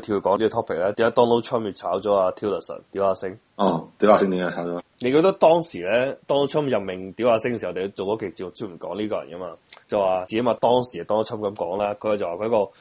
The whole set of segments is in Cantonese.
跳講呢個 topic 咧，點解 Donald Trump 要炒咗阿 Tillerson 屌下阿星？屌下星點解炒咗？你覺得當時咧，Donald Trump 任命屌下星嘅時候，你做嗰期節目專門講呢個人啊嘛？就話，而且嘛，當時 Donald Trump 咁講啦，佢就話佢個超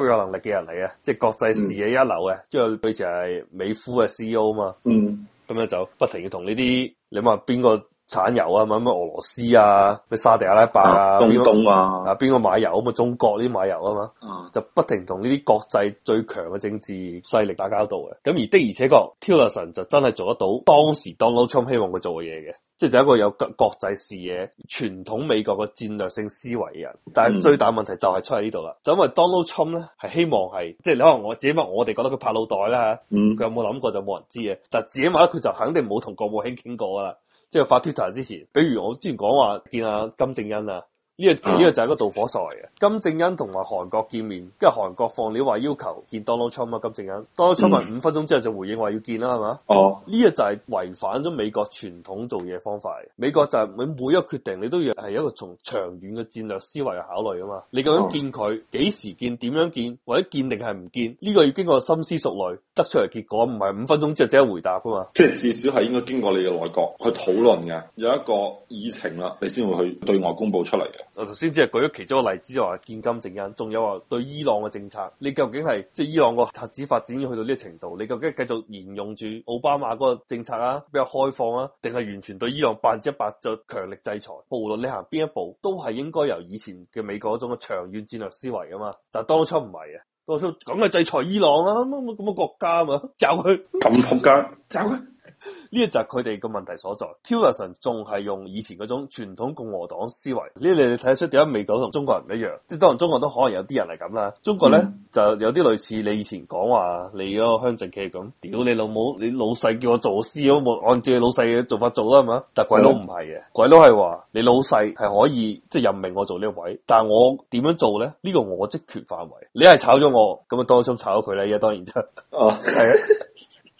級有能力嘅人嚟嘅，即係國際視野一流嘅，即係佢以前係美孚嘅 CEO 啊嘛。嗯，咁咧就不停要同呢啲，你話邊個？產油啊，咁咩俄羅斯啊，咩沙地阿拉伯啊，邊個啊邊個、啊、買油？咁啊，中國呢啲買油啊嘛，啊就不停同呢啲國際最強嘅政治勢力打交道嘅。咁而的而且確，Tillerson 就真係做得到當時 Donald Trump 希望佢做嘅嘢嘅，即係就係、一個有國國際視野、傳統美國嘅戰略性思維嘅人。但係最大問題就係出喺呢度啦。嗯、就因為 Donald Trump 咧，係希望係即係你可能我自己話我哋覺得佢拍腦袋啦佢、嗯、有冇諗過就冇人知嘅。但係自己話咧，佢就肯定冇同國務卿傾過噶啦。即係發 Twitter 之前，比如我之前講話見阿金正恩啊。呢個呢個就係一個導火索嚟嘅。金正恩同埋韓國見面，跟住韓國放料話要求見 Donald Trump 啊。金正恩 Donald Trump 咪五、嗯、分鐘之後就回應話要見啦，係嘛？哦，呢個就係違反咗美國傳統做嘢方法。美國就係你每一個決定你都要係一個從長遠嘅戰略思維去考慮啊嘛。你究竟見佢，幾、哦、時見？點樣見？或者見定係唔見？呢、呢個要經過深思熟慮，得出嚟結果，唔係五分鐘之後即刻回答噶嘛？即係至少係應該經過你嘅內閣去討論嘅，有一個議程啦，你先會去對外公布出嚟嘅。我頭先只係舉咗其中一個例子，就話見金正恩仲有話對伊朗嘅政策，你究竟係即係伊朗個核子發展已經去到呢個程度，你究竟繼續沿用住奧巴馬嗰個政策啊，比較開放啊，定係完全對伊朗百分之一百就強力制裁？無論你行邊一步，都係應該由以前嘅美國嗰種嘅長遠戰略思維㗎嘛。但當初唔係啊，當初講係制裁伊朗啊，乜乜咁嘅國家啊嘛，炸佢咁撲街，炸佢。呢 一集佢哋個問題所在 Tillerson 仲係用以前嗰種傳統共和黨思維呢？你你睇得出點解美國同中國人唔一樣？即係當然，中國都可能有啲人係咁啦。中國咧、嗯、就有啲類似你以前講話你嗰個鄉鎮嘅咁。屌你老母，你老細叫我做嘅事，我按照你老細嘅做法做啦，係咪啊？但鬼佬唔係嘅，鬼佬係話你老細係可以即係、就是、任命我做呢個位，但係我點樣做咧？呢、這個我職權範圍。你係炒咗我，咁啊當心炒咗佢啦。而家當然就哦係。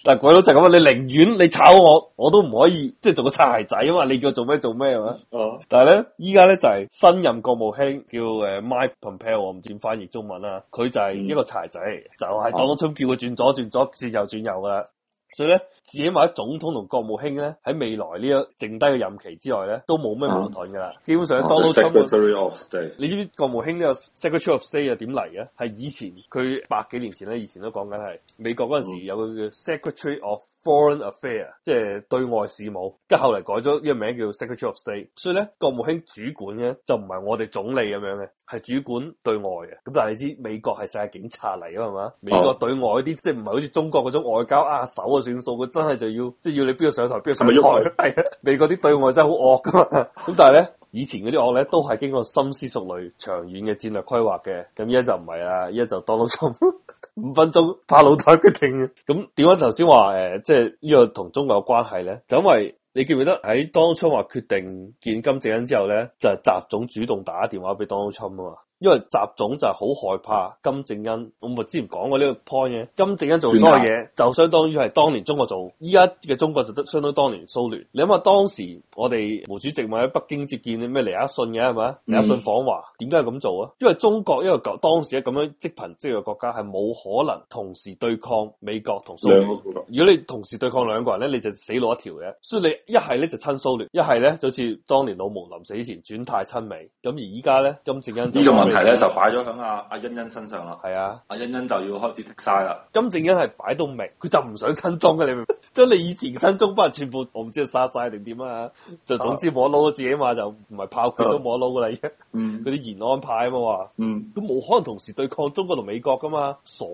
但係鬼佬就咁啊！你寧願你炒我，我都唔可以，即係做個柴仔啊嘛！你叫我做咩做咩係嘛？哦、嗯！但係咧，依家咧就係新任國務卿叫誒、uh, Mike Pompeo，我唔知翻譯中文啦，佢就係一個柴仔，嗯、就係當初叫佢轉左轉左，轉右轉右噶。所以咧，自己話總統同國務卿咧喺未來呢個剩低嘅任期之外咧，都冇咩矛盾噶啦。基本上 Donald Trump，當都差唔多。你知唔知國務卿呢個 Secretary of State 又點嚟嘅？係以前佢百幾年前咧，以前都講緊係美國嗰陣時有個叫 Secretary of Foreign Affairs，、mm. 即係對外事務。跟住後嚟改咗呢個名叫 Secretary of State。所以咧，國務卿主管嘅就唔係我哋總理咁樣嘅，係主管對外嘅。咁但係你知美國係世界警察嚟噶嘛？美國對外啲、mm. 即係唔係好似中國嗰種外交握、啊、手。算數佢真係就要，即、就、係、是、要你邊個上台邊個上台，係啊！是是台 美國啲對外真係好惡噶嘛，咁 但係咧，以前嗰啲惡咧都係經過深思熟慮、長遠嘅戰略規劃嘅，咁一就唔係啦，一就 Donald Trump 五分鐘怕老太決定咁點解頭先話誒，即係呢、呢個同中國有關係咧？就因為你記唔記得喺當初話決定見金正恩之後咧，就是、習總主動打電話俾 Donald Trump 啊。因為習總就係好害怕金正恩，我咪之前講過呢個 point 嘅，金正恩做所有嘢，就相當於係當年中國做，依家嘅中國就都相當於當年蘇聯。你諗下當時我哋毛主席咪喺北京接見咩尼克遜嘅係咪？尼克遜訪華，點解係咁做啊？因為中國一個當時咁樣積貧積弱嘅國家係冇可能同時對抗美國同蘇聯。如果你同時對抗兩個人咧，你就死路一條嘅。所以你一係咧就親蘇聯，一係咧就好似當年老毛臨死之前轉態親美。咁而依家咧金正恩這種 問題咧就擺咗響阿阿欣欣身上啦，係啊，阿欣欣就要開始的晒啦。金正恩係擺到明，佢就唔想親中嘅，你明？即係你以前親中班全部我唔知殺晒定點啊？就總之冇得撈到自己嘛，就唔係炮佢都冇得撈噶啦，已經。嗯，嗰啲延安派啊嘛，嗯，都冇可能同時對抗中國同美國噶嘛，傻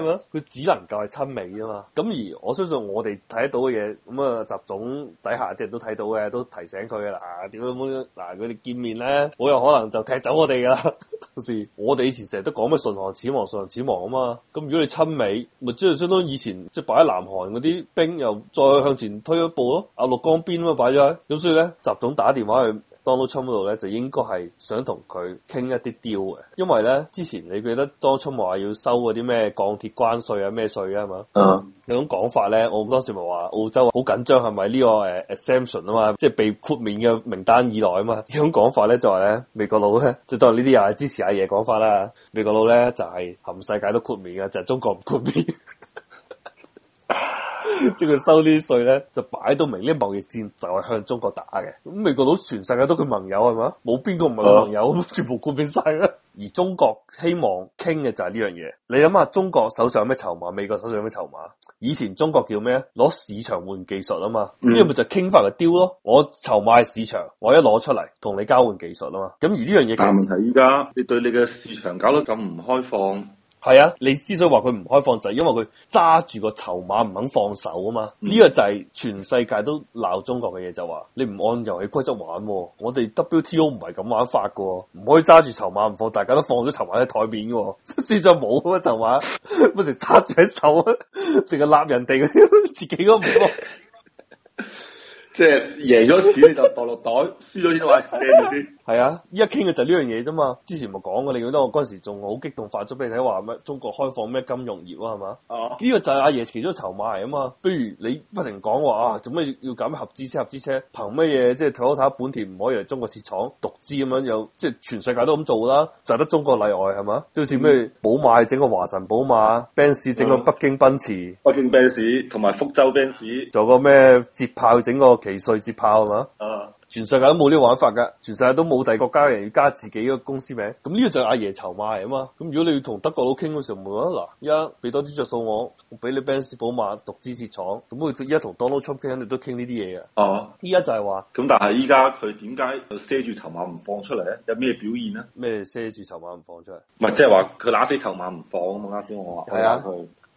咩？佢、啊、只能夠係親美啊嘛。咁而我相信我哋睇得到嘅嘢，咁啊習總底下啲人都睇到嘅，都提醒佢啦。啊，點樣點樣，嗱佢哋見面咧，好有可能就踢走我哋噶啦。好似我哋以前成日都講咩唇寒齒亡唇寒齒亡啊嘛，咁如果你親美，咪即係相當於以前即係擺喺南韓嗰啲兵又再向前推一步咯，鴨綠江邊啊嘛擺咗，喺。咁所以咧，習總打電話去。Donald Trump 度咧就應該係想同佢傾一啲 deal 嘅，因為咧之前你記得當初話要收嗰啲咩鋼鐵關稅啊咩稅啊嘛，有、uh huh. 種講法咧，我當時咪話澳洲好緊張係咪呢個誒、uh, exemption 啊嘛，即係被豁免嘅名單以外啊嘛，有種講法咧就係咧美國佬咧，就係、是、當呢啲又係支持阿爺講法啦，美國佬咧就係含、就是、世界都豁免嘅，就係、是、中國唔豁免。即係佢收稅呢啲稅咧，就擺到明呢貿易戰就係向中國打嘅。咁美國佬全世界都佢盟友係嘛，冇邊個唔係佢盟友，盟友啊、全部顧邊晒啦。 而中國希望傾嘅就係呢樣嘢。你諗下，中國手上有咩籌碼，美國手上有咩籌碼？以前中國叫咩？攞市場換技術啊嘛，呢咪就傾翻個丟咯。Deal, 我籌碼係市場，我一攞出嚟同你交換技術啊嘛。咁而呢樣嘢大問題，依家你對你嘅市場搞得咁唔開放。係啊，你之所以話佢唔開放就係、是，因為佢揸住個籌碼唔肯放手啊嘛，呢、這個就係全世界都鬧中國嘅嘢，就話你唔按遊戲規則玩。哦，我哋 WTO 唔係咁玩法噶，唔可以揸住籌碼唔放，大家都放咗籌碼喺台面噶、哦，現在冇個籌碼，咪成日揸住喺手啊。淨係納人哋自己都唔多。即係贏咗錢你就墮落袋，輸咗錢話咩意思？係 啊，依家傾嘅就呢樣嘢啫嘛。之前咪講過，你記得我嗰陣時仲好激動，發咗俾你睇話咩？中國開放咩金融業啊？係嘛？哦，呢個就係阿爺其中籌碼啊嘛。不如你不停講話啊，做咩要搞咩合資車、合資車？憑乜嘢即係睇下睇下？本田唔可以嚟中國設廠獨資咁樣？又即係全世界都咁做啦，就得中國例外係嘛？即好似咩寶馬整個華晨寶馬，奔馳整個北京奔馳，北京奔馳同埋福州奔馳，做個咩捷豹整個。奇瑞接炮係嘛？啊、uh,！全世界都冇呢玩法噶，全世界都冇第個國家嘅人要加自己個公司名。咁呢個就阿爺籌碼啊嘛。咁如果你要同德國佬傾嗰時候，冇啦嗱，依家俾多啲着數我，我俾你 Benz 奔馳寶馬獨資設廠。咁佢依家同 Donald Trump 傾，肯定都傾呢啲嘢嘅。哦，依家就係話，咁但係依家佢點解佢塞住籌碼唔放出嚟咧？有咩表現咧？咩塞住籌碼唔放出嚟？唔係即係話佢揦死籌碼唔放啊嘛！啱先我話係啊。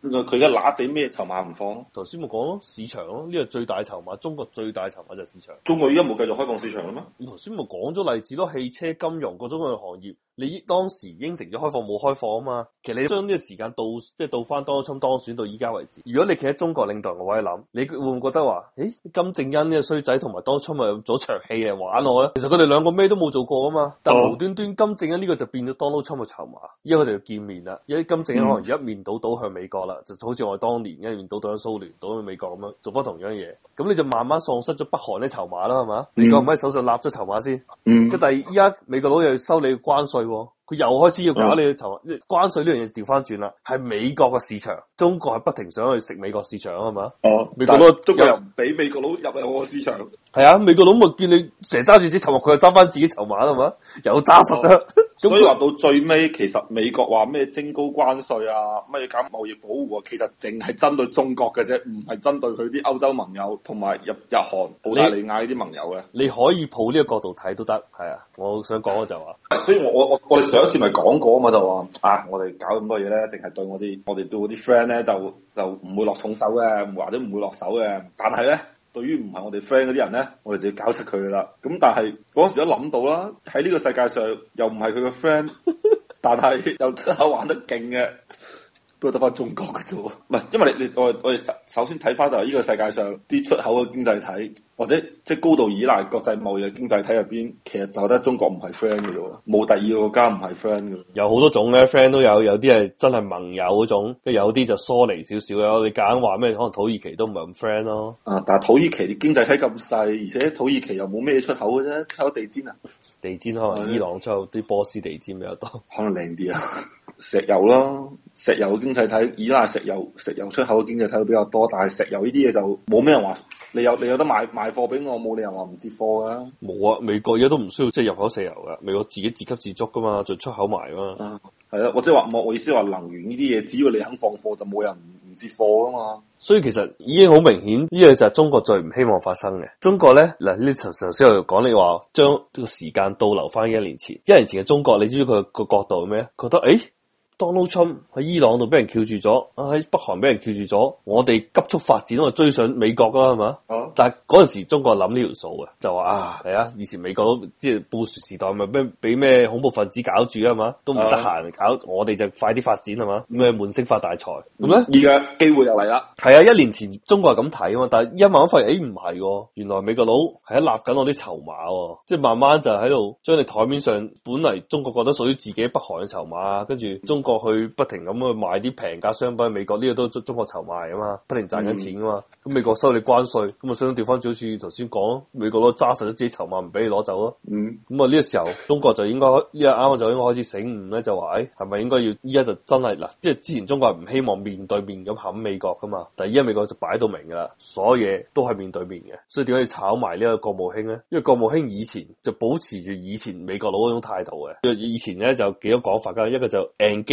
佢而家揦死咩籌碼唔放咯？頭先咪講咯，市場咯，呢個最大籌碼，中國最大籌碼就係市場。中國依家冇繼續開放市場啦咩？頭先咪講咗例子咯，汽車、金融各種嘅行業。你當時應承咗開放冇開放啊嘛？其實你將呢個時間倒即係倒翻特朗普當選到依家為止。如果你企喺中國領導人嘅位諗，你會唔會覺得話：誒、欸，金正恩呢個衰仔同埋特朗普咪咗場戲嚟玩我咧？其實佢哋兩個咩都冇做過啊嘛，但係無端端金正恩呢個就變咗特朗普嘅籌碼，因為佢哋要見面啦，因為金正恩可能而一面倒倒向美國啦，就好似我哋當年一面倒倒向蘇聯、倒向美國咁樣做翻同樣嘢。咁你就慢慢喪失咗北韓啲籌碼啦，係嘛？你可唔可以手上立咗籌碼先？嗯，咁但係依家美國佬又要收你關稅。佢又開始要搞你嘅籌碼，嗯、關稅呢樣嘢調翻轉啦，係美國嘅市場，中國係不停想去食美國市場，係嘛？哦，咁佬美國 中國入又唔俾美國佬入去我嘅市場，係啊，美國佬咪見你成日揸住支籌碼，佢又揸翻自己籌碼啦，係嘛，嗯、又揸實咗。所以話到最尾，其實美國話咩徵高關稅啊，乜嘢搞貿易保護啊，其實淨係針對中國嘅啫，唔係針對佢啲歐洲盟友，同埋日日韓、澳大利亞啲盟友嘅。你可以抱呢個角度睇都得，係啊，我想講就話、是，所以我我我哋上一次咪講過啊嘛就，啊我哋搞咁多嘢咧，淨係對我哋，我哋對嗰啲 friend 咧就就唔會落重手嘅，或者唔會落手嘅，但係咧。對於唔係我哋 friend 嗰啲人咧，我哋就要搞出佢啦。咁但係嗰時都諗到啦，喺呢個世界上又唔係佢嘅 friend，但係又出口玩得勁嘅。得翻中國嘅啫，唔係，因為你你我我哋首首先睇翻就係呢個世界上啲出口嘅經濟體，或者即係高度依賴國際貿易經濟體入邊，其實就覺得中國唔係 friend 嘅咯，冇第二個國家唔係 friend 嘅。有好多種咧，friend 都有，有啲係真係盟友嗰種，跟有啲就疏離少少嘅。我哋夾硬話咩？可能土耳其都唔係咁 friend 咯。啊，但係土耳其啲經濟體咁細，而且土耳其又冇咩出口嘅啫，抽地氈啊， 地氈可能伊朗出，啲波斯地氈比較多， 可能靚啲啊。石油咯，石油嘅經濟體，而家係石油石油出口嘅經濟體體比較多，但係石油呢啲嘢就冇咩人話，你有你有得賣賣貨俾我，冇理由話唔接貨噶。冇啊，美國而家都唔需要即係、就是、入口石油噶，美國自己自給自足噶嘛，就出口埋嘛。係咯、嗯，我即係話我我意思話能源呢啲嘢，只要你肯放貨，就冇人唔唔接貨噶嘛。所以其實已經好明顯，呢樣就係中國最唔希望發生嘅。中國咧嗱，呢頭頭先又講你話將呢個時間倒流翻一年前，一年前嘅中國，你知唔知佢個角度係咩？覺得誒。哎 Donald Trump 喺伊朗度俾人撬住咗，啊喺北韓俾人撬住咗，我哋急速發展都追上美國噶係嘛？啊、但係嗰陣時中國諗呢條數啊，就話啊係啊，以前美國都即係布什時代咪咩俾咩恐怖分子搞住啊嘛，都唔得閒搞，我哋就快啲發展係嘛，咁啊悶聲發大財咁咧，嗯、二個機會又嚟啦，係啊，一年前中國係咁睇啊嘛，但係一晚發現，誒唔係喎，原來美國佬係喺立緊我啲籌碼、啊，即係慢慢就喺度將你台面上本嚟中國覺得屬於自己北韓嘅籌碼，跟住中。過去不停咁去買啲平價商品，美國呢個都中中國籌賣啊嘛，不停賺緊錢啊嘛，咁、嗯、美國收關稅反反你關稅，咁啊想調翻就好似頭先講，美國都揸實咗自己籌碼唔俾你攞走咯。咁啊呢個時候，中國就應該呢日啱就應該開始醒悟咧，就話誒係咪應該要依家就真係嗱，即係之前中國唔希望面對面咁啃美國噶嘛，但係依家美國就擺到明㗎啦，所有嘢都係面對面嘅，所以點解要炒埋呢一個國務卿咧？因為國務卿以前就保持住以前美國佬嗰種態度嘅，以前咧就幾多講法㗎，一個就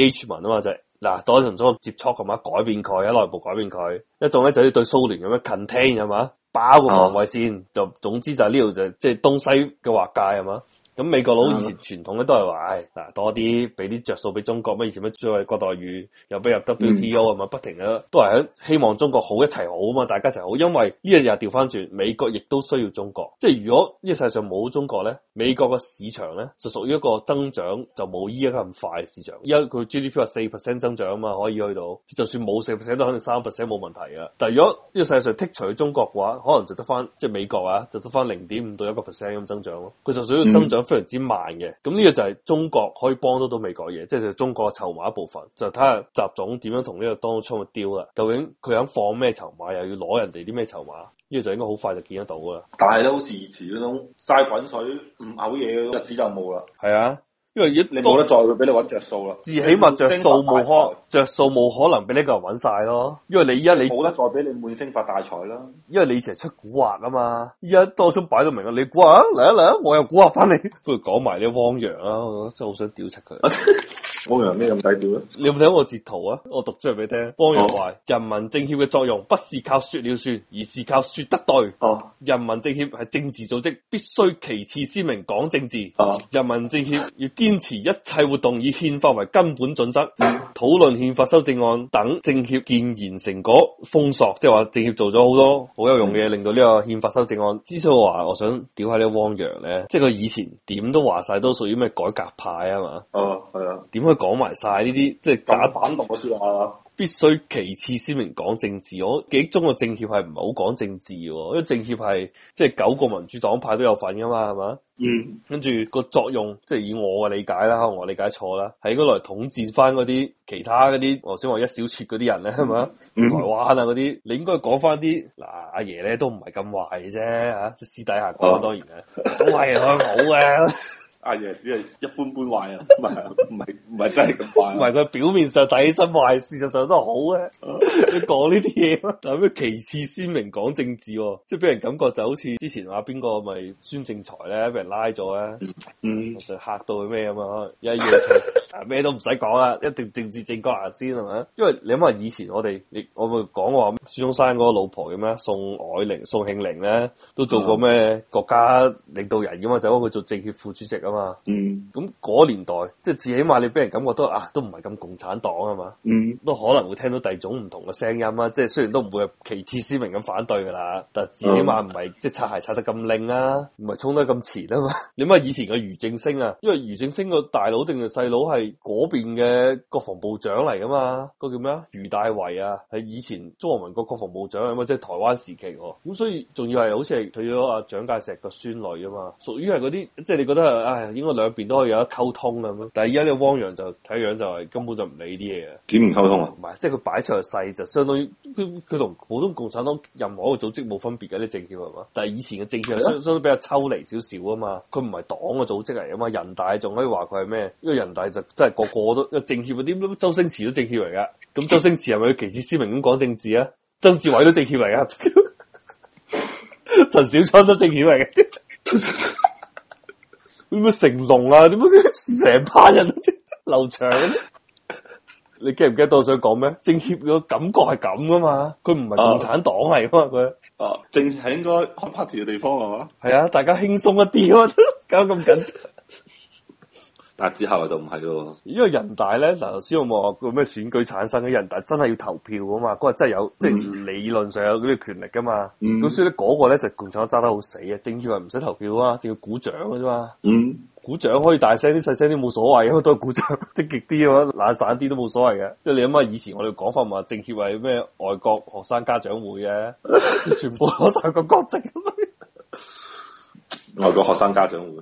A 文啊嘛，就係嗱，多當中接觸，咁啊，改變佢喺內部改變佢，一種咧就要對蘇聯咁樣，contain 係嘛，包個防衛線，就總之就係呢度就即係東西嘅劃界係嘛。咁美國佬以前傳統咧都係話，嗱、哎、多啲俾啲着數俾中國，乜以前咩？最惠國待遇又入，入 WTO 啊嘛，不停啊，都係希望中國好一齊好啊嘛，大家一齊好，因為呢樣嘢又調翻轉，美國亦都需要中國。即係如果呢個世界上冇中國咧，美國個市場咧就屬於一個增長就冇依一個咁快嘅市場，因為佢 GDP 話四 percent 增長啊嘛，可以去到就算冇四 percent 都可能三 percent 冇問題啊。但係如果呢個世界上剔除咗中國嘅話，可能就得翻即係美國啊，就得翻零點五到一個 percent 咁增長咯。佢就屬於增長。非常之慢嘅，咁、嗯、呢、這個就係中國可以幫得到美國嘢，即係中國嘅籌碼一部分，就睇、是、下習總點樣同呢個當勞去 deal 啦。究竟佢想放咩籌碼，又要攞人哋啲咩籌碼，呢、這個就應該好快就見得到噶啦。但係都好似以前嗰種嘥滾水唔嘔嘢嘅日子就冇啦，係啊。因為而家你冇得再俾你揾着數啦，自起碼着數冇可着數冇可能俾呢個人揾晒咯，因為你依家你冇得再俾你滿星發大財啦，因為你成日出蠱惑啊嘛，依家多數擺到明啦，你蠱惑嚟，一嚟啊，我又蠱惑翻你，不如講埋啲汪洋啦，我真係好想屌柒佢。 汪洋咩咁低調啊？你有冇睇我截圖啊？我讀出嚟俾你聽。汪洋話：人民政協嘅作用不是靠說了算，而是靠說得對。哦，人民政協係政治組織，必須旗幟鮮明講政治。哦，人民政協要堅持一切活動以憲法為根本準則。嗯討論憲法修正案等政協建言成果豐碩，即係話政協做咗好多好有用嘅嘢，令到呢個憲法修正案。之所以話我想屌下呢汪洋咧，即係佢以前點都話晒都屬於咩改革派啊嘛。哦，係啊，點可以講埋晒呢啲即係假反動嘅說話？必須其次先明講政治，我記憶中個政協係唔好講政治，因為政協係即係九個民主黨派都有份噶嘛，係嘛？嗯，跟住個作用，即、就、係、是、以我嘅理解啦，我理解錯啦，喺應該嚟統戰翻嗰啲其他嗰啲我先話一小撮嗰啲人咧，係嘛？嗯嗯、台灣啊嗰啲，你應該講翻啲嗱，阿爺咧都唔係咁壞嘅啫，吓、啊、私底下講當然啦，嗯、都係向好嘅。 阿爺、啊、只係一般般壞啊，唔係唔係唔係真係咁壞，唔係佢表面上睇起身壞，事實上都係好嘅、啊。啊、你講呢啲嘢，啊咩旗幟鮮明講政治、啊，即係俾人感覺就好似之前話邊個咪孫政才咧，俾人拉咗咧，就吓、 哎、到佢咩咁啊，一樣咩都唔使講啦，一定政治正確先係咪？因為你諗下以前我哋，我咪講話孫中山嗰個老婆咁咩？宋靄齡、宋慶齡咧，都做過咩國家領導人噶嘛，就幫佢做政協副主席啊。啊，咁嗰、嗯、年代，即係至起碼，你俾人感覺都啊，都唔係咁共產黨啊嘛，嗯、都可能會聽到第種唔同嘅聲音啦。即係雖然都唔會係旗幟鮮明咁反對噶啦，但係至起碼唔係即係擦鞋擦得咁靚啊，唔係衝得咁前啊嘛。你 乜以前嘅俞正聲啊，因為俞正聲個大佬定係細佬係嗰邊嘅國防部長嚟噶嘛，個叫咩啊？俞大維啊，係以前中華民國國防部長啊嘛，即係台灣時期、啊。咁所以仲要係好似係退咗阿蔣介石個孫女啊嘛，屬於係嗰啲，即係你覺得啊。應該兩邊都可以有得溝通咁樣，但係而家呢個汪洋就睇樣就係、是、根本就唔理呢啲嘢嘅，點唔溝通啊？唔係，即係佢擺出嚟，細就相當於佢佢同普通共產黨任何一個組織冇分別嘅啲政協係嘛？但係以前嘅政協相相對比較抽離少少啊嘛，佢唔係黨嘅組織嚟啊嘛，人大仲可以話佢係咩？因為人大就真係個個都，因為 政協點解周星馳都政協嚟噶，咁周星馳係咪旗幟鮮明咁講政治啊？曾志偉都政協嚟噶，陳 小春都政協嚟嘅。點解成龍啊？點解成班人都識劉翔？ 你記唔記得我想講咩？政協個感覺係咁噶嘛？佢唔係共產黨嚟噶嘛？佢、啊啊、政協係應該開 party 嘅地方係嘛？係啊，大家輕鬆一啲，搞咁緊。 啊之後就唔係咯，因為人大咧，嗱，頭先我冇話個咩選舉產生嘅人大，真係要投票啊嘛，嗰日真係有，即、就、係、是、理論上有嗰啲權力噶嘛。咁、嗯、所以咧，嗰個咧就係共產黨揸得好死啊！政協唔使投票啊，淨係鼓掌嘅啫嘛，嗯、鼓掌可以大聲啲、細聲啲冇所謂，因為都係鼓掌積極啲啊嘛，懶散啲都冇所謂嘅。即係你諗下以前我哋講法咪話，政協係咩外國學生家長會嘅、啊， 全部攞曬個國籍啊、嗯、外國學生家長會。